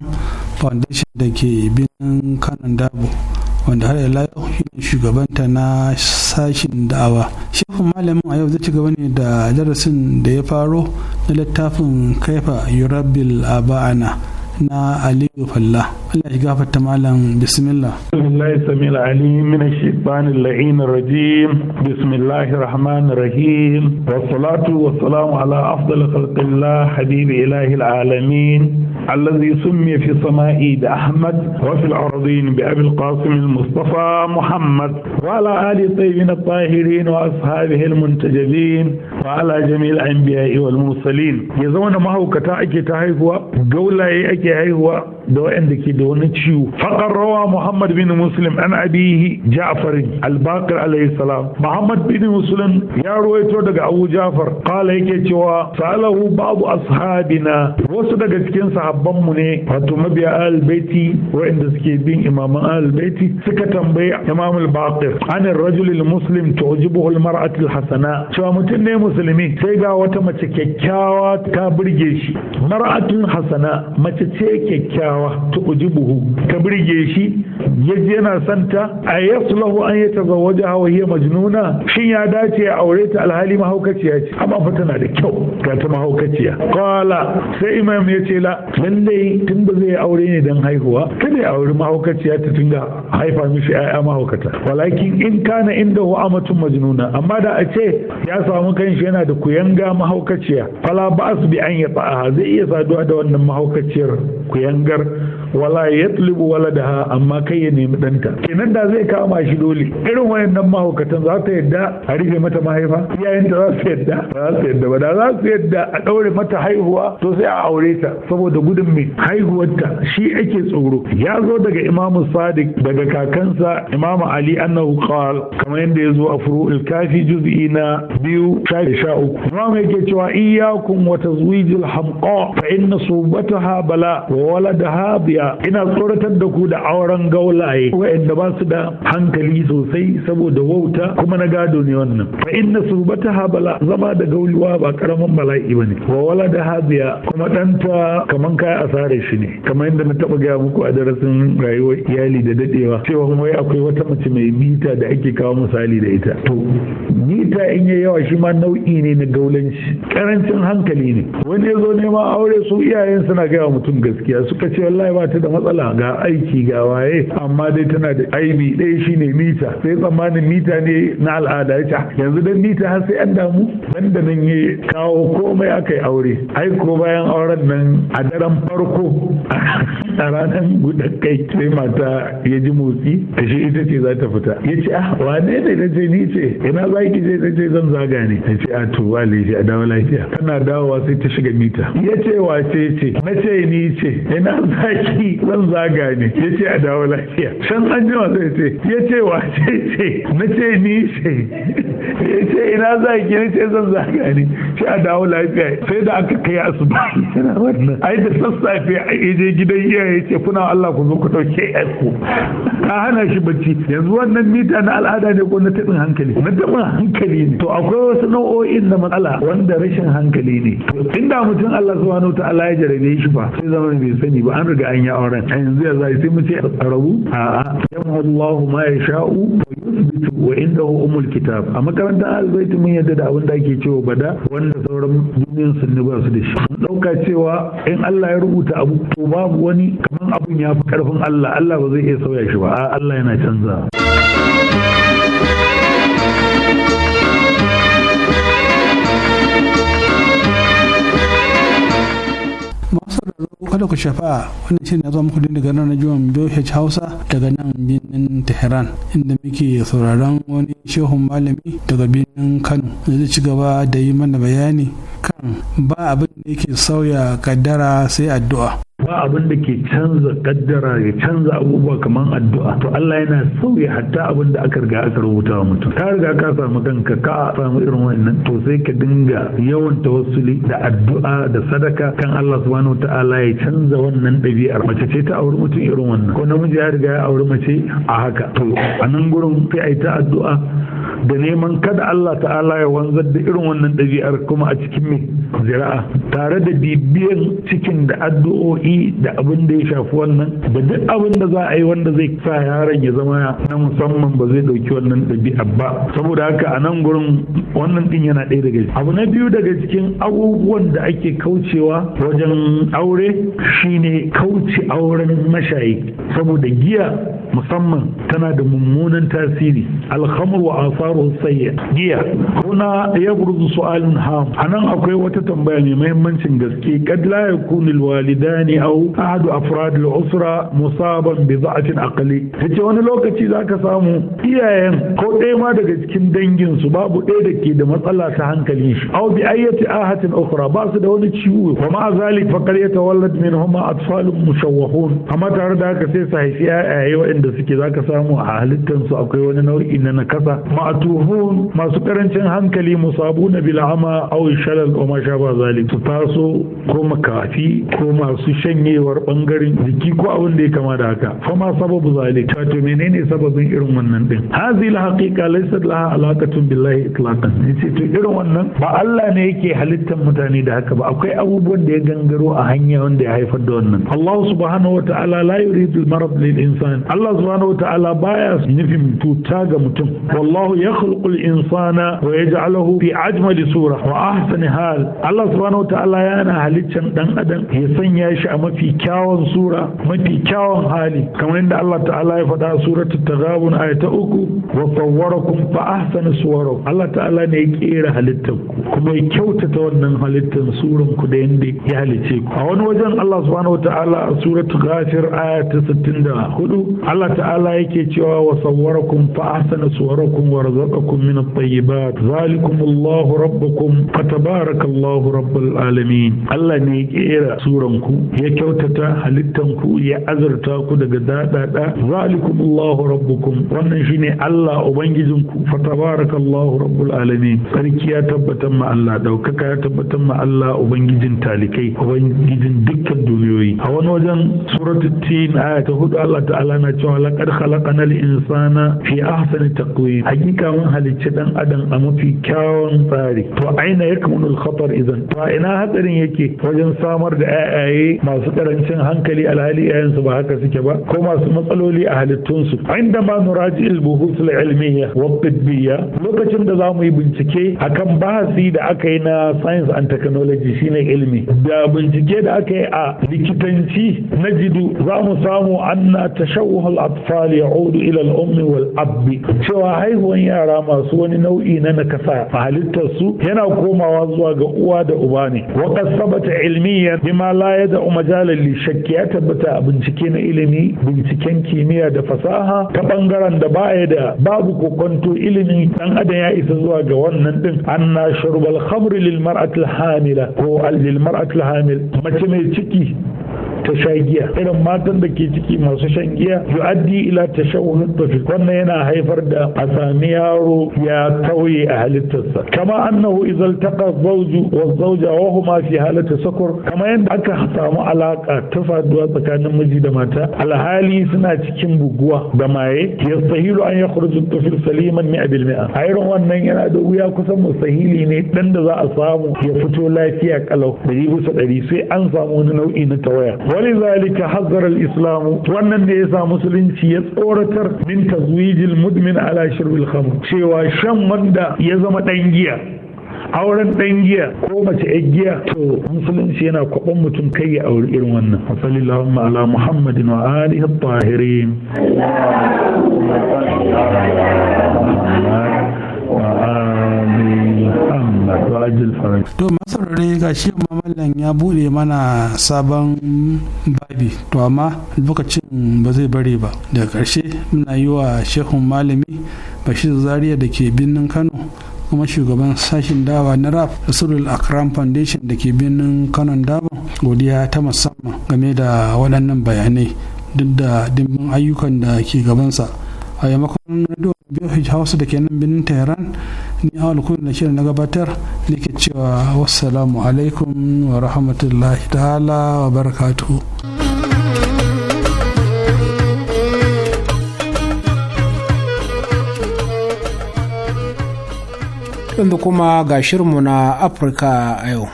foundation da ke binin kanan dabu wanda har ila yau shine shugabanta na sashin da'awa shehun malamin a yau zai ci gaba ne da darasin da ya faro na littafin kaifa yurabil aba'ana na Aliyu Falla. Allah ya gafarta malam bismillah. Bismillah samil alim min ash-shaytanir la'in rajim. Bismillahir rahmanir rahim. Wa salatu wa salamu ala afdal khalqillah habibi ilahi alamin. الذي سمي في السماء بأحمد وفي الأرضين بأبي القاسم المصطفى محمد وعلى آل الطيبين الطاهرين وأصحابه المنتجبين وعلى جميع الأنبياء والمرسلين يزون ما هو كتاعك تاهيكوا قولا أكي هو da waɗanda ke da wani ciwo faqar rawa muhammad bin muslim an abihi ja'far al-baqir alayhi salam muhammad bin muslim ya ruwaito daga abu ja'far qala yake cewa salahu babu ashabina wasu daga cikin sahabban mu ne wato mabiya al-baiti wa'anda suke bin imaman al-baiti suka tambayi imam al-baqir an ar-rajul al-muslim tu'jibuhu al-mar'atu al-hasana cewa mutum ne musulmi sai ga wata mace kyakkyawa ta burge shi mar'atun hasana mace ce kyakkyawa uji buhu ta birge shi yaji yana santa a yaslahu an yatazawwaja wa hiya majnuna shin ya dace ya aure ta alhali mahaukaciya ce amma fa tana da kyau ga ta mahaukaciya qala sai imam ya ce la lallai tun ba zai aure ne dan haihuwa kada ya aure mahaukaciya ta tunga haifa mishi yaya mahaukata walakin in kana inda hu amatun majnuna amma da a ce ya samu kanshi yana da kuyanga mahaukaciya fala su bi an ya zai iya saduwa da wannan mahaukaciyar ku yangar wala da waladaha amma kai ya nemi danta kenan da zai kama shi dole irin wayannan mahaukatan za ta yadda a rufe mata mahaifa iyayenta za su yadda ba za su yadda ba da za su yadda a ɗaure mata haihuwa to sai a aure ta saboda gudun mai haihuwarta shi ake tsoro ya zo daga imamu sadiq daga kakansa imamu ali annahu qal kamar yadda ya zo a furu'ul kafi juz'i na biyu shafi sha uku imamu yake cewa iyyakum wa tazwijil hamqa fa inna subataha bala wa waladaha bi ina tsoratar da ku da auren gaulaye wa'anda ba su da hankali sosai saboda wauta kuma na gado ne wannan fa inna subata habala zama da gauliwa ba karamin bala'i bane wa wala da haziya kuma ɗanta kaman kai asare shi ne kamar yadda na taba gaya muku a darasin rayuwar iyali da dadewa cewa kuma wai akwai wata mace mai mita da ake kawo misali da ita to mita in yayi yawa shi ma nau'i ne na gaulanci karancin hankali ne wani ya zo neman aure su iyayen suna gaya mutum gaskiya suka ce wallahi ba ta da matsala ga aiki ga waye amma dai tana da aibi ɗaya shine mita sai tsammanin mita ne na al'ada ya ah, yanzu dan mita har sai an damu nan da nan ya kawo komai aka yi aure ai ko bayan auren nan a daren farko a ranar guda kai sai mata ya ji motsi a shi ita ce za ta fita ya ce ah wane ne na ce ni ce ina za ki je ta ce zan zaga ne ya ce a ah, to a dawo lafiya tana dawowa sai ta shiga mita ya ce wace ce na ce ni ce ina za ki wallahi zan zaga ne ya ce a dawo lafiya san an jima sai ce ya ce wa ce ce na ce ni ce ya ce ina za ki na ce zan zaga ne shi a dawo lafiya sai da aka kai asuba yana wannan ai da sassafe a je gidan iyaye ce kuna Allah ku zo ku dauke ku ka hana shi bacci yanzu wannan mita na al'ada ne ko na tabin hankali na tabin hankali ne to akwai wasu nau'o'in na matsala wanda rashin hankali ne inda mutum Allah subhanahu wa ta'ala ya jarabe shi ba sai zama bai sani ba an riga an ya auren a yanzu ya zai sai mu ce a rabu a'a yamhallahu ma sha'u wa yusbitu wa inda hu umul kitab a makaranta albaiti mun yadda da abin da ake cewa bada wanda sauran duniyan sunni ba su da shi mun dauka cewa in Allah ya rubuta abu to babu wani kaman abun ya fi karfin Allah Allah ba zai iya sauya shi ba Allah yana canza. masu sauraro kada ku shafa wannan shirin ya zo muku din daga nan rajiyon BOH Hausa daga nan birnin Tehran inda muke sauraron wani shehun malami daga birnin Kano zai ci gaba da yi mana bayani kan ba abin da yake sauya kaddara sai addu'a ba abin da ke canza kaddara ya canza abubuwa kamar addu'a to Allah yana sauya hatta abin da aka riga aka rubuta wa mutum ka riga ka samu kanka ka samu irin wannan to sai ka dinga yawan tawassuli da addu'a da sadaka kan Allah subhanahu ta'ala ya canza wannan ɗabi'ar mace ce ta auri mutum irin wannan ko namiji ya riga ya auri mace a haka to a nan gurin sai a yi ta addu'a da neman kada Allah ta'ala ya wanzar da irin wannan ɗabi'ar kuma a cikin mai zira'a tare da bibiyan cikin da addu'o'i da abin da ya shafi wannan da duk abin da za a yi wanda zai sa yaron ya zama na musamman ba zai ɗauki wannan ɗabi'a ba saboda haka a nan gurin wannan ɗin yana ɗaya daga ciki abu na biyu daga cikin abubuwan da ake kaucewa wajen aure shine kauce auren mashayi saboda giya musamman tana da mummunan tasiri alhamru wa asaru sayya giya kuna ya burzu su'alun ham anan akwai wata tambaya mai muhimmancin gaske kad la yakunu alwalidani aw ahadu afrad al-usra musaban bi dha'fin aqli tace wani lokaci zaka samu iyayen ko ɗaya ma daga cikin dangin su babu ɗaya da ke da matsala ta hankali. shi aw bi ayyati ahatin ukhra ba su da wani ciwo wa ma zalik faqad yatawallad minhum atfalun mushawwahun amma tare da haka sai su haifi yayaye waɗanda suke za ka samu a halittansu akwai wani nau'i na nakasa ma'atuhun masu karancin hankali musabu na ama aw shalal wa ma ba zalik su taso ko makafi ko masu shanyewar bangaren jiki ko abin da ya kama da haka ma sababu zalik wato menene sababin irin wannan din hazil haqiqa laysa laha alaqatun billahi itlaqan yace to irin wannan ba Allah ne yake halittar mutane da haka ba akwai abubuwan da ya gangaro a hanya wanda ya haifar da wannan Allah subhanahu wa ta'ala la yuridu marad lil insan Allah Allah subhanahu ta'ala baya nufin cuta ga mutum wallahu yakhluqul insana wa yaj'aluhu fi ajmali sura wa ahsani hal Allah subhanahu ta'ala yana haliccan dan adam ya sanya shi a mafi kyawun sura mafi kyawun hali kamar yadda Allah ta'ala ya faɗa a suratul taghabun ayata uku wa sawwarakum fa ahsana suwarakum Allah ta'ala ne ya kera halittar ku kuma ya kyautata wannan halittar suran ku da yanda ya halice ku a wani wajen Allah subhanahu ta'ala a suratul ghafir ayata 64 Allah Allah ta'ala yake cewa wa sawwarakum fa ahsana suwarakum wa razaqakum min at-tayyibat zalikum Allahu rabbukum fa tabarakallahu rabbul alamin Allah ne ya kera suran ku ya kyautata halittan ku ya azurta ku daga dadada zalikum Allahu rabbukum wannan shine Allah ubangijin ku fa tabarakallahu rabbul alamin sarki ya tabbatar ma Allah daukaka ya tabbatar ma Allah ubangijin talikai ubangijin dukkan duniyoyi a wani wajen suratul tin aya ta hudu Allah ta'ala na cewa cewa laqad khalaqana al-insana fi ahsani taqwim hakika mun halicci dan adam a mafi kyawun tsari to aina yakmunu al-khatar idan to ina hatsarin yake wajen samar da ayaye masu ƙarancin hankali alhali yayan ba haka suke ba ko masu matsaloli a halittun su inda ma nuraji al-buhus al wa tibbiyya lokacin da mu yi bincike akan bahasi da aka yi na science and technology shine ilmi da bincike da aka yi a likitanci na jidu za mu samu anna tashawwuh الأطفال يعود إلى wal abbi. cewa haihuwan yara masu wani nau'i na nakasa a su yana komawa zuwa ga uwa da uba ne wa kasabata ilmiyan bima la yada li shakki ya tabbata a bincike na ilimi binciken kimiyya da fasaha ta bangaren da baya da babu kokonto ilimin dan adam ya isa zuwa ga wannan din anna shurbal khamri lil mar'ati al hamila ko lil mar'ati al hamil mace mai ciki ta sha giya irin matan da ke ciki masu shan giya yu'addi ila tashawwuhud tafi wannan yana haifar da a sami yaro ya tauye a halittarsa kama annahu idza altaqa zawju wa zawja wa huma fi halati sakur kama yadda aka samu alaka ta faduwa tsakanin miji da mata alhali suna cikin buguwa da maye yastahilu an yakhruju tafil saliman mi'a a irin wannan yana da wuya kusan mustahili ne dan da za a samu ya fito lafiya kalau dari bisa dari sai an samu wani nau'i na tawaya zalika حذر الإسلام wannan da sa musulunci ya tsoratar min tazwijil mudmin ala shirbil khamr cewa shan wanda ya zama ɗan giya auren dan giya ko mace yar giya to musulunci yana kwaban mutum kai ya auri irin wannan wa sallallahu ala muhammadin wa to masarare ga shi mamallan ya bude mana sabon babi to amma lokacin ba zai bare ba daga karshe muna yi wa shehun malami bashir zaria da ke birnin kano kuma shugaban sashin dawa na raf rasulul akram foundation da ke birnin kano daban godiya ta musamman game da waɗannan bayanai duk da dimbin ayyukan da ke gabansa a yamakon radio Hausa da ke nan birnin Tehran ni a alkuyin da shirin na gabatar nake cewa wassalamu alaikum wa rahmatullahi ta'ala wa barakatuhu. Yanzu kuma ga shirinmu na Afirka a yau.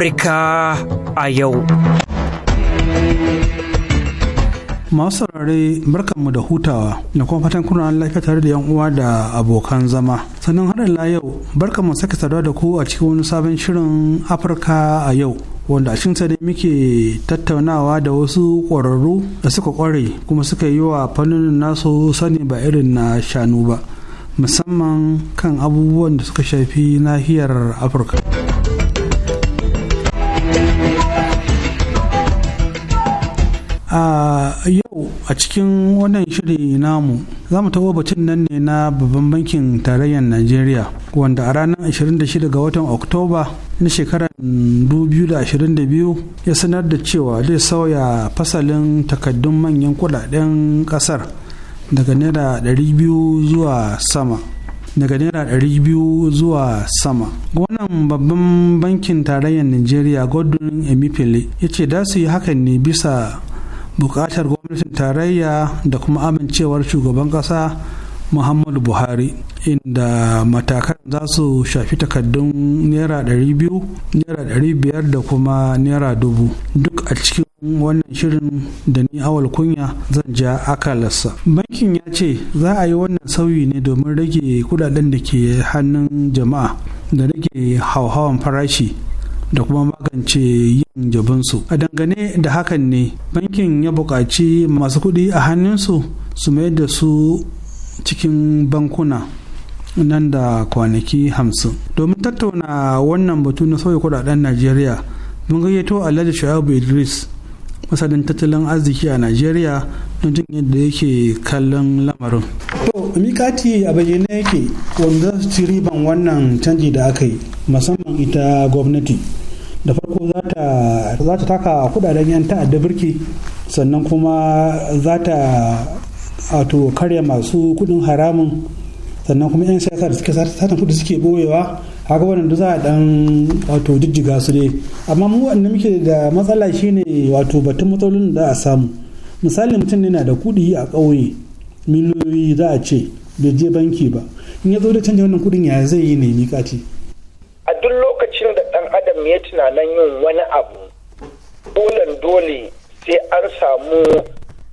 Afirka a yau. Masu saurare barkanmu da hutawa da kuma fatan kuna an lafiya tare da yan uwa da abokan zama. Sannan haɗin la yau barkanmu sake saduwa da ku a cikin wani sabon shirin Afirka a yau. wanda a cikinsa dai muke tattaunawa da wasu ƙwararru da suka ƙware kuma suka yi wa fannin nasu sani ba irin na shanu ba musamman kan abubuwan da suka shafi nahiyar afirka. a yau a cikin wannan shiri namu za mu taɓa batun nan ne na babban bankin tarayyar najeriya wanda a ranar 26 ga watan oktoba na shekarar 2022 ya sanar da cewa zai sauya fasalin takaddun manyan kudaden kasar daga naira 200 zuwa sama daga wannan babban bankin tarayyar nigeria gordon emifele ya ce da su yi hakan ne bisa bukatar gwamnatin tarayya da kuma amincewar shugaban ƙasa muhammadu buhari inda matakan za su shafi takaddun naira 200 naira 500 da kuma naira dubu duk a cikin wannan shirin da ni awal kunya zan ja akalarsa bankin ya ce za a yi wannan sauyi ne domin rage kudaden da ke hannun jama'a da rage hauhawan farashi da kuma magance yin jabinsu a dangane da hakan ne bankin ya buƙaci masu kuɗi a hannunsu su mayar da su cikin bankuna nan da kwanaki hamsin domin tattauna wannan batu na sauya kudaden najeriya mun gayyato alhaji sha'abu idris masanin tattalin arziki a najeriya don jin yadda yake kallon lamarin to mikati a bayyana yake wanda su ci riban wannan canji da aka yi musamman ita gwamnati da farko za ta taka kudaden yan ta'adda birki sannan kuma za ta wato karya masu kudin haramun sannan kuma yan siyasa da suke satan kudi suke boyewa haka wannan za a dan wato jijjiga su ne amma mu wanda muke da matsala shine wato batun matsalolin da a samu misali mutum yana da kudi a ƙauye miliyoyi za a ce bai je banki ba in ya zo da canja wannan kudin ya zai yi ne miƙa ce adam ya tunanin yin wani abu dolen dole sai an samu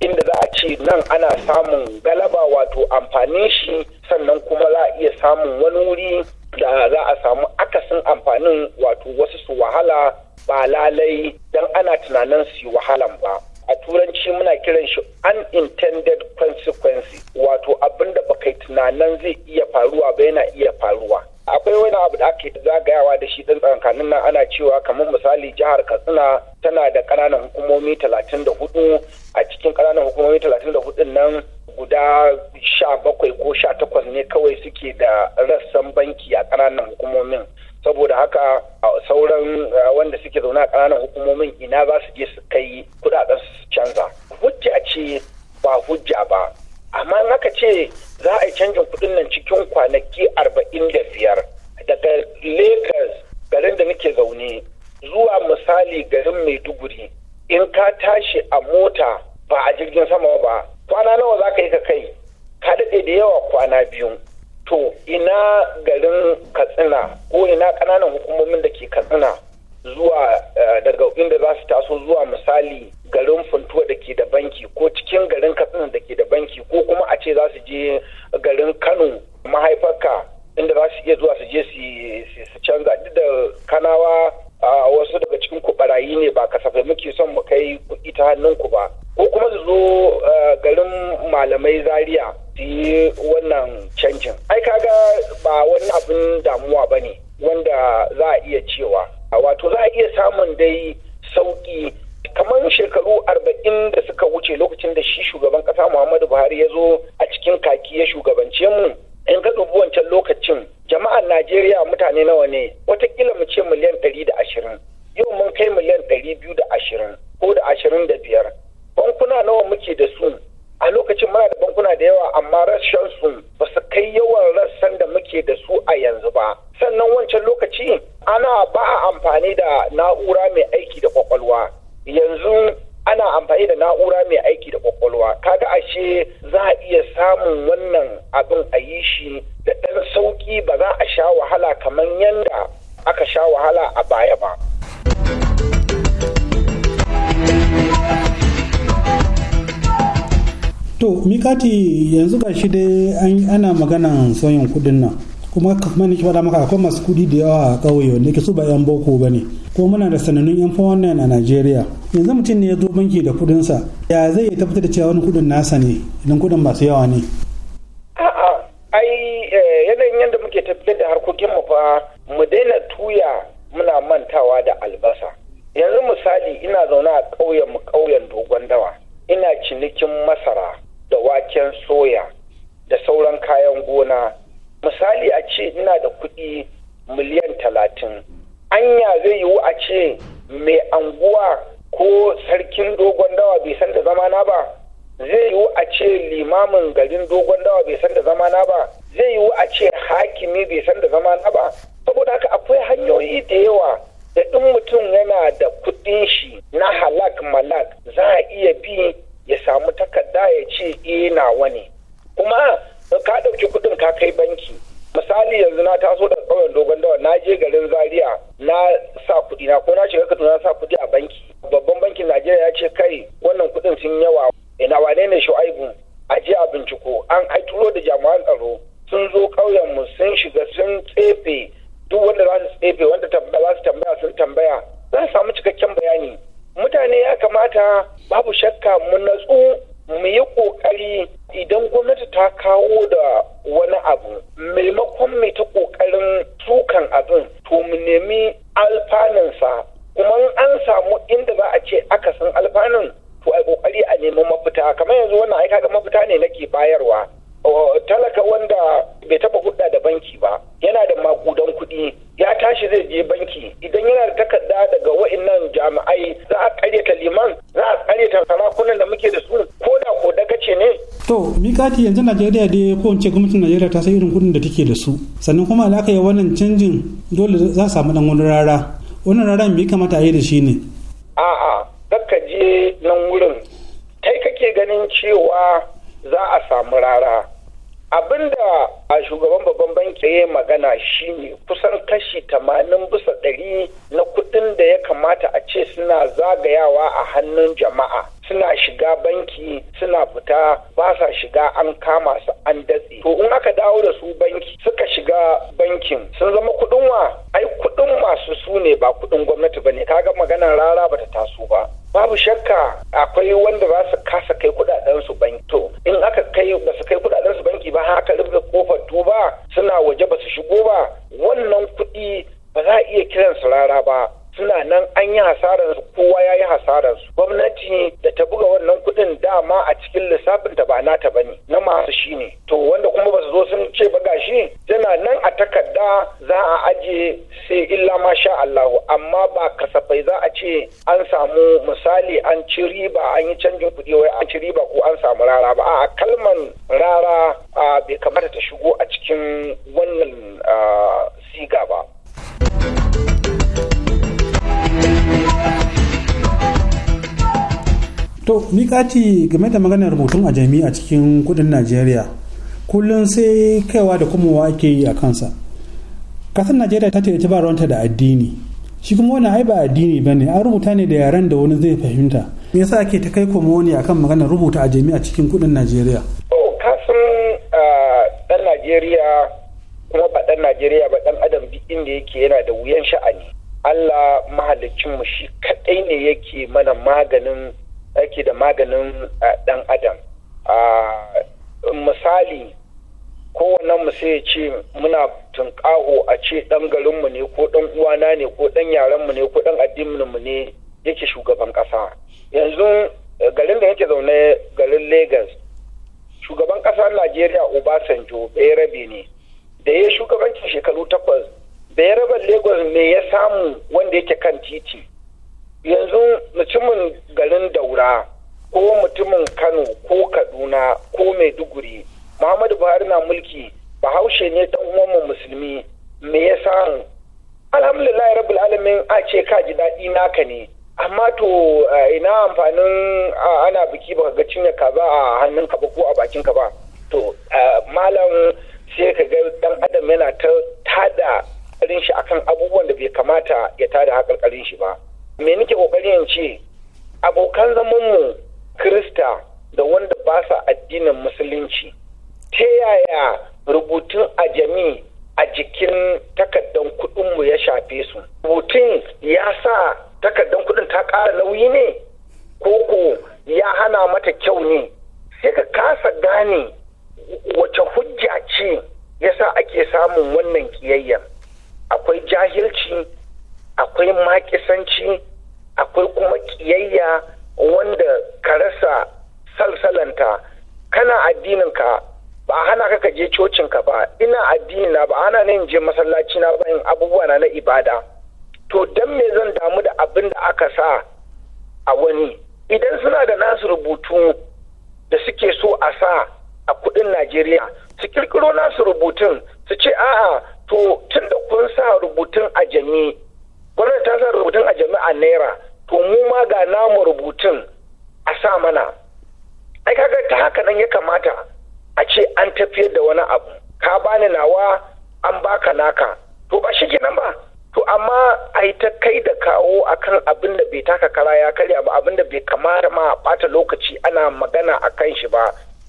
inda za a ce nan ana samun galaba wato amfanin shi sannan kuma za a iya samun wani wuri da za a samu akasin amfanin wato wasu su wahala ba lalai don ana tunanin su yi wahalan ba a turanci muna kiran shi unintended consequence wato abin da baka tunanin zai iya faruwa ba yana iya faruwa akwai wani abu da ake zagayawa da shi ɗan tsakanin nan ana cewa kamar misali jihar katsina tana da ƙananan hukumomi talatin da hudu a cikin ƙananan hukumomi talatin da hudun nan guda sha bakwai ko sha takwas ne kawai suke da rassan banki a ƙananan hukumomin saboda haka a sauran wanda suke zaune a ƙananan hukumomin ina za su je su kai kudaden su canza hujja ce ba hujja ba amma in aka ce za a yi canjin kuɗin nan cikin kwanaki arba'in da biyar daga lagos garin da nake zaune zuwa misali garin maiduguri in ka tashi a mota ba a jirgin sama ba kwana nawa za ka yi ka kai ka daɗe da yawa kwana biyu to ina garin katsina ko ina kananan hukumomin da ke katsina zuwa eh, daga inda za su taso zuwa misali garin funtuwa da ke da banki ko cikin garin katsina da ke da banki ko kuma a ce za su je garin kano mahaifarka inda za su iya zuwa su je su canza duk da kanawa a wasu daga cikin ku barayi ne ba kasafai muke son mu kai kuɗi ta hannunku ba ko kuma su zo garin malamai zaria su yi wannan canjin ai kaga ba wani abin damuwa ba ne wanda za a iya cewa wato za a iya samun dai sauƙi kamar shekaru arba'in da suka wuce lokacin da shi shugaban kasa muhammadu buhari ya zo a cikin kaki ya shugabance mu in ka dubi wancan lokacin jama'ar najeriya mutane nawa ne watakila mu ce miliyan ɗari da ashirin yau mun kai miliyan ɗari biyu da ashirin ko da ashirin da biyar bankuna nawa muke da su a lokacin muna da bankuna da yawa amma rashin su ba su kai yawan rassan da muke da su a yanzu ba sannan wancan lokaci ana ba a amfani da na'ura mai aiki da kwakwalwa yanzu ana amfani da na'ura mai aiki da kwakwalwa kaga ashe za a iya samun wannan abin a yi shi da ɗan sauƙi ba za a sha wahala kamar yadda aka sha wahala a baya ba. To, Mikati yanzu ga shi dai ana magana sauyin kudin nan. kuma kamar nake faɗa maka akwai masu kuɗi da yawa a ƙauye wanda ke so ba 'yan boko ba ne ko muna da sanannun 'yan fawannan a najeriya yanzu mutum ne ya zo banki da kuɗinsa ya zai iya tabbatar da cewa wani kuɗin nasa ne idan kuɗin masu yawa ne a'a ai eh, yanayin yadda muke tafiyar da harkokin mu fa mu daina tuya muna mantawa da albasa yanzu misali ina zaune a ƙauyen mu ƙauyen dogon dawa ina cinikin masara da waken soya da sauran kayan gona misali a ce ina da kuɗi miliyan talatin anya zai yiwu a ce mai anguwa ko sarkin dogon dawa bai san da zamana ba zai yiwu a ce limamin garin dogon dawa bai san da zamana ba zai yiwu a ce hakimi bai san da zamana ba saboda haka akwai hanyoyi da yawa da in mutum yana da kuɗin shi na halak malak za a iya bi ya samu takarda ya ce ina eh, wani. kuma ka ɗauki kuɗin ka kai banki misali yanzu na taso da ƙauyen dogon dawa na je garin zaria na sa kuɗi na ko na shiga kaduna na sa kuɗi a banki babban bankin najeriya ya ce kai wannan kuɗin sun yawa ina wane ne shu'aibu a je a binciko an aituro da jami'an tsaro sun zo ƙauyen mu sun shiga sun tsefe duk wanda za su tsefe wanda za su tambaya sun tambaya za su samu cikakken bayani mutane ya kamata babu shakka mu natsu mu yi ƙoƙari idan gwamnati ta kawo da wani abu maimakon mai ta ƙoƙarin tukan abin to mu nemi alfanunsa kuma an samu inda za a ce aka san alfanun to a ƙoƙari a nemi mafita kamar yanzu wannan aika ga mafita ne nake bayarwa talaka wanda bai taba hudda da banki ba yana da makudan kuɗi ya tashi zai je banki idan yana da takarda daga wa'annan jami'ai za a karyata liman za a karyata sarakunan da muke da su ko da ko daga ce ne to mikati yanzu najeriya ya ya kowace gwamnatin najeriya ta san irin kuɗin da take da su sannan kuma alaka ya wannan canjin dole za a samu dan wani rara wannan rara me kamata a yi da shi ne a'a kakka je nan wurin kai kake ganin cewa za a samu rara abin da a shugaban babban banki ya magana shine kusan kashi tamanin bisa ɗari na kuɗin da ya kamata a ce suna zagayawa a hannun jama'a suna shiga banki suna fita ba sa shiga an kama su an datse to in aka dawo da su banki suka shiga bankin sun zama kuɗin wa ai kuɗin masu su ne ba kuɗin gwamnati bane kaga maganar rara bata taso ba babu shakka akwai wanda ba su kasa kai kudaden su banki to in aka kai ba su kai kudaden su banki ba haka rufe kofar ba suna waje ba su shigo ba wannan kuɗi ba za a iya kiransu rara ba suna nan an yi hasarar kowa ya yi hasarar su gwamnati da ta buga wannan kuɗin dama a cikin lissafin da ba nata bane na masu shi ne to wanda kuma ba su zo sun ce ba gashi yana nan a takarda za a aje sai illa ma sha Allahu amma ba kasafai za a ce an samu misali an ci riba an yi canjin kuɗi wai an ci riba ko an samu rara ba a kalman rara bai kamata ta shigo a cikin wannan siga ba. to kati game da maganar rubutun a jami'a cikin kudin najeriya kullum sai kaiwa da kumowa ake yi a kansa kasar najeriya ta ce ta ba da addini shi kuma wani ai ba addini ba ne an rubuta ne da yaren da wani zai fahimta me yasa ake ta kai komoni kan maganar rubuta a jami'a cikin kudin najeriya to kasan ɗan najeriya kuma ba ɗan najeriya ba ɗan adam duk inda yake yana da wuyan sha'ani Allah mahalicinmu shi kaɗai ne yake mana maganin yake da maganin eh, ɗan adam ah, misali kowane mu sai ya ce muna tunƙaho a ce ɗan garinmu ne ko ɗan uwana ne ko ɗan yarenmu ne ko ɗan addininmu ne yake shugaban ƙasa yanzu eh, garin da yake zaune garin Legas shugaban ƙasar Najeriya Obasanjo rabe ne da ya shugabancin shekaru takwas bayarabar lagos me ya samu wanda yake kan titi yanzu mutumin garin daura ko mutumin kano ko kaduna ko maiduguri muhammadu buhari na mulki bahaushe ne ta uwanmu musulmi me ya samu alhamdulillah rabbul alamin a ce ka ji daɗi naka ne amma to ina amfanin ana biki baka ga cinye ka ba a hannun ka ba ko a bakin ka ba to malam sai ka ga dan adam yana ta tada hankalin shi akan abubuwan da bai kamata ya tada hankalin shi ba me nake kokarin ce abokan zaman mu krista da wanda ba sa addinin musulunci ta yaya rubutun ajami a jikin takardan kuɗinmu ya shafe su rubutun ya sa takardan kuɗin ta ƙara nauyi ne koko ya hana mata kyau ne sai ka kasa gane wace hujja ce yasa ake samun wannan kiyayyar akwai jahilci akwai makisanci akwai kuma kiyayya wanda ka rasa salsalanta kana addinin ka ba hana ka ka je cocinka ba ina addini na ba hana ne in je masallaci na ba in abubuwa na na ibada to dan me zan damu da abin da aka sa a wani idan suna da nasu rubutu da suke so a sa a kudin Najeriya su kirkiro nasu rubutun su ce a'a to tun da kun sa rubutun a jami gwamnati ta sa rubutun a jami a naira to mu ma ga namu rubutun a sa mana ai kaga ta haka nan ya kamata a ce an tafiyar da wani abu ka bani nawa an baka naka to ba shi nan ba to amma a yi ta kai da kawo akan abin da bai taka kara ya karya ba abin da bai kamata ma bata lokaci ana magana akan shi ba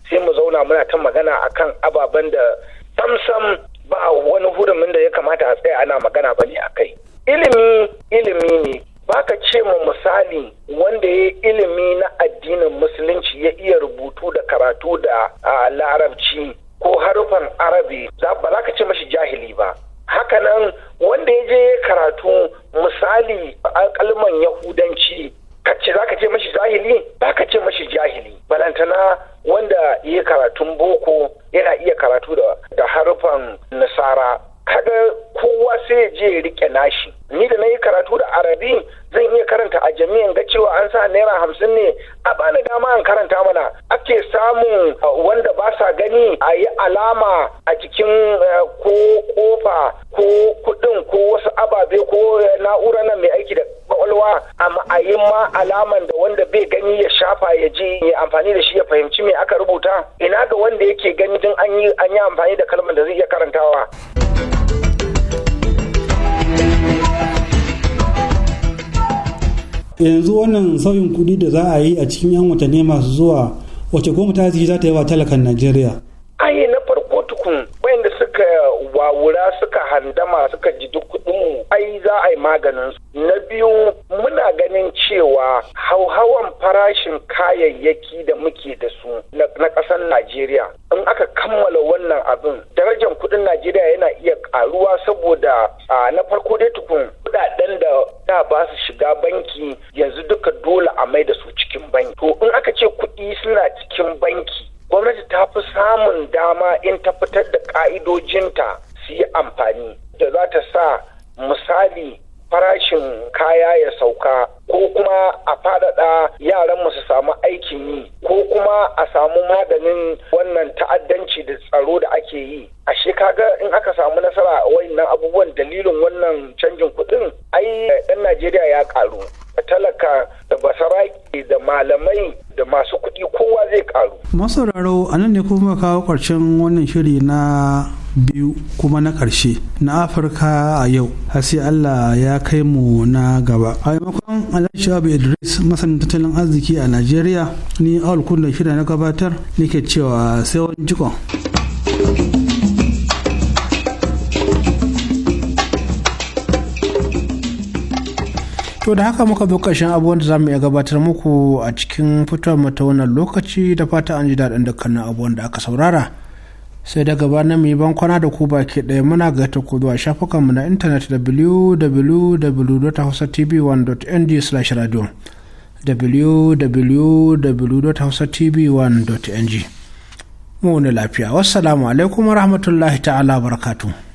sai mu zauna muna ta magana akan ababen da samsam ba wani hurumin da ya kamata a tsaya ana magana bane a kai ilimi ilimi ne baka ce ma misali wanda ya ilimi na addinin musulunci ya iya rubutu da karatu da larabci ko harufan arabi ba za ka ce mashi jahili ba hakanan wanda ya je karatu misali kalman yahudanci kace zaka ce mashi jahili zaka ce mashi jahili balantana wanda ya karatun boko yana iya karatu da da harufan nasara kaga kowa sai je rike nashi ni da na yi karatu da arabi zan iya karanta a jami'an ga cewa an sa naira hamsin ne a bani dama an karanta mana ake samun wanda ba sa gani a yi alama a cikin eh, ko kofa ko kudin ko wasu ababe ko eh, na'ura nan mai aiki da kwakwalwa amma a yi ma alaman da wanda bai gani ya shafa ya ji ya amfani da shi ya fahimci me aka rubuta ina ga wanda yake gani din an yi amfani da kalmar da zai iya karantawa. yanzu wannan sauyin kuɗi da za a yi a cikin 'yan watanni masu zuwa wace gwamnati ta za ta yi wa talakan najeriya ai na farko tukun wayanda suka wawura suka handama suka ji duk ai za a yi maganin su na biyu muna ganin cewa hauhawan farashin kayayyaki da muke da su na ƙasar najeriya in aka kammala wannan abin darajar kuɗin najeriya yana iya ƙaruwa saboda na farko dai tukun kuɗaɗen da da ba su shiga banki yanzu duka dole a mai da su cikin banki to in aka ce kuɗi suna cikin banki gwamnati ta fi samun dama in ta fitar da ƙa'idojinta su yi amfani da za ta sa misali farashin kaya ya sauka ko kuma a faɗaɗa yaran su samu aikin yi ko kuma a samu maganin wannan ta'addanci da tsaro da ake yi ashe kaga in aka samu nasara a wayannan abubuwan dalilin wannan canjin kuɗin ai ɗan najeriya ya ƙaru talaka da basaraki da malamai da masu kuɗi kowa zai ƙaru masauraro a nan ne kuma kawo ƙarshen wannan shiri na biyu kuma na ƙarshe na afirka a yau har sai allah ya kai mu na gaba a maimakon alhaji idris masanin tattalin arziki a nigeria ni awal kundin shida na gabatar nake cewa sai wani jikon To da haka muka zo ƙarshen abubuwan da za mu iya gabatar muku a cikin fitowar mata wannan lokaci da fata an ji daɗin dukkanin abubuwan da aka saurara. sai daga bana mai bankwana da ku baki ɗaya muna ga ta ku zuwa shafukanmu na intanet www.hausatv1.ng/radio www.hausatv1.ng mu ne lafiya wassalamu alaikum warahmatullahi ta'ala barakatuh